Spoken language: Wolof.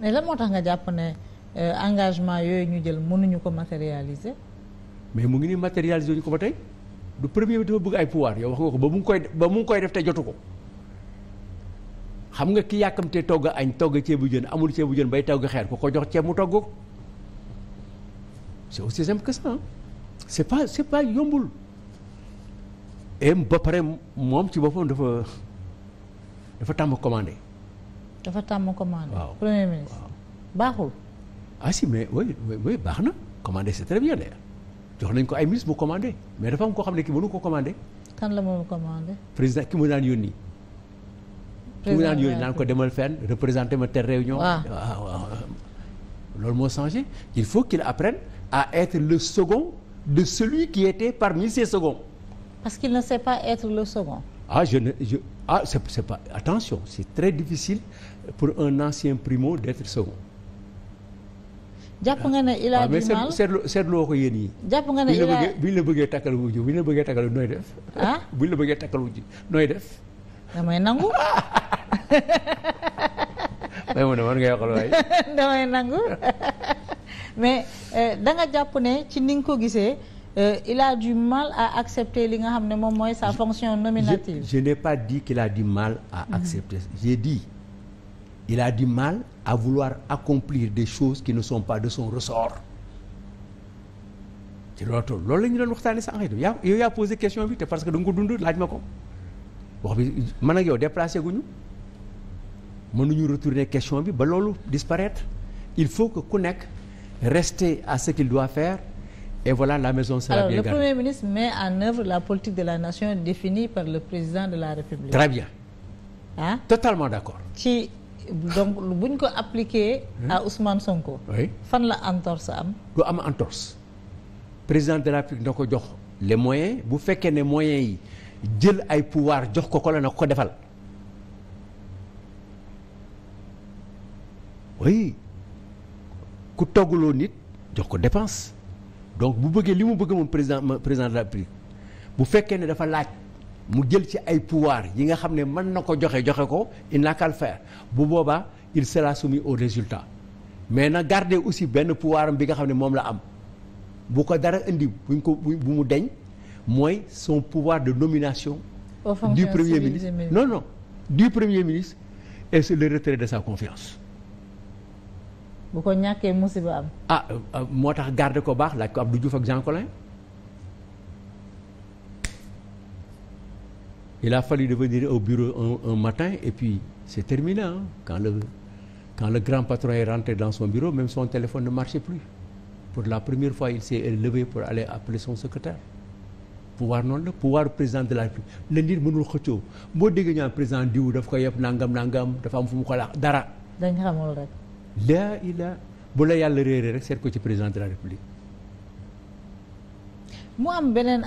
mais lan moo tax nga jàpp ne euh, engagement yooyu ñu jël mënuñu ko matérialiser. mais mu ngi nii matérialiser ñu ko ba tey du premier bi dafa bëgg ay pouvoir yow wax nga ko ba mu ngi koy ba mu ngi koy def te jotu ko xam nga ki yàkkamtee togg añ togg ceebu jën amul ceebu jën bay togg xeer ko ko jox ceeb mu togg c'est aussi simple que ça c'est pas c'est pas yombul et ba pare moom ci boppam dafa dafa tàmm commandé. dafa tàmm commandé. waaw premier ministre baaxul. ah si mais oui oui baax na commandé c'est très bien d'ailleurs jox nañ ko ay ministre mu commandé mais dafa am koo xam ne ki mënu ko commandé. kan la mënu commandé. président ki mu daan yónni. ki mu daan yónni naan ko demal fenn représenté ma telle réunion. loolu moo changé il faut qu'il apprenne à être le second de celui qui par parmi ses seconds. parce qu'il ne sait pas être le second. ah je ne je ah c'est, pas attention c'est très difficile pour un ancien primo d'être second. jàpp nga ne il a ah, du mal seetloo ko yéen yi. jàpp nga ne il a bu ñu la bëggee takkal wu bu ñu la bëggee takkal nooy def. ah bu la bëggee takkal ji nooy def. damay nangu. may mu ne man ngay waxal waay. damay nangu mais euh, da nga jàpp ne ci ni nga ko gisee. Euh, il a du mal à accepter li nga xam ne moom mooy sa fonction nominative. je, ne n'ai pas dit qu'il a du mal à mhm. accepter j'ai dit il a du mal à vouloir accomplir des choses qui ne sont pas de son ressort ci loolu tool loolu la ñu doon waxtaanee sànq itam yaa yow yaa posé question bi te parce que da nga ko dund laaj ma ko bi man ak yow déplacé guñu nañu retourner question bi ba loolu disparaître il faut que ku nekk rester à ce qu'il doit faire et voilà la maison sera Alors, bien gardée. Alors Premier ministre met en œuvre la politique de la nation définie par le président de la République. Très bien. ah totalement d'accord. ci donc bu ko appliqué. à Ousmane Sonko. oui fan la entorse am. lu am entorse président de la République na ko jox les moyens bu fekkee ne moyens yi jël ay pouvoir jox ko ko la na ko defal. oui ku togguloo nit jox ko dépense. donc bu bëggee li mu bëgg moom président président de la République bu fekkee ne dafa laaj mu jël ci ay pouvoir yi nga xam ne mën na ko joxe joxe ko il n'a qu'à le faire bu boobaa il sera soumis au résultat mais na garder aussi benn pouvoir bi nga xam ne moom la am bu ko dara indi buñ ko bu mu deñ mooy son pouvoir de nomination du premier ministre non non du premier ministre et c'est le retrait de sa confiance bu ko ñàkkee musiba am. ah euh, euh, moo tax garde ko baax laaj ko Abdou Diouf ak Jean Collin il a fallu devenir au bureau un, un matin et puis c'est terminé hein, quand le quand le grand patron est rentré dans son bureau même son téléphone ne marchait plus pour la première fois il s'est levé pour aller appeler son secrétaire pouvoir noonu la pouvoir président de la République la nit mënul xëccoo boo déggee ñaan président diw daf ko yëpp nangam nangam dafa am fu mu ko laax laa ilaa bu la yàlla réeree rek seet ko ci président de la république am beneen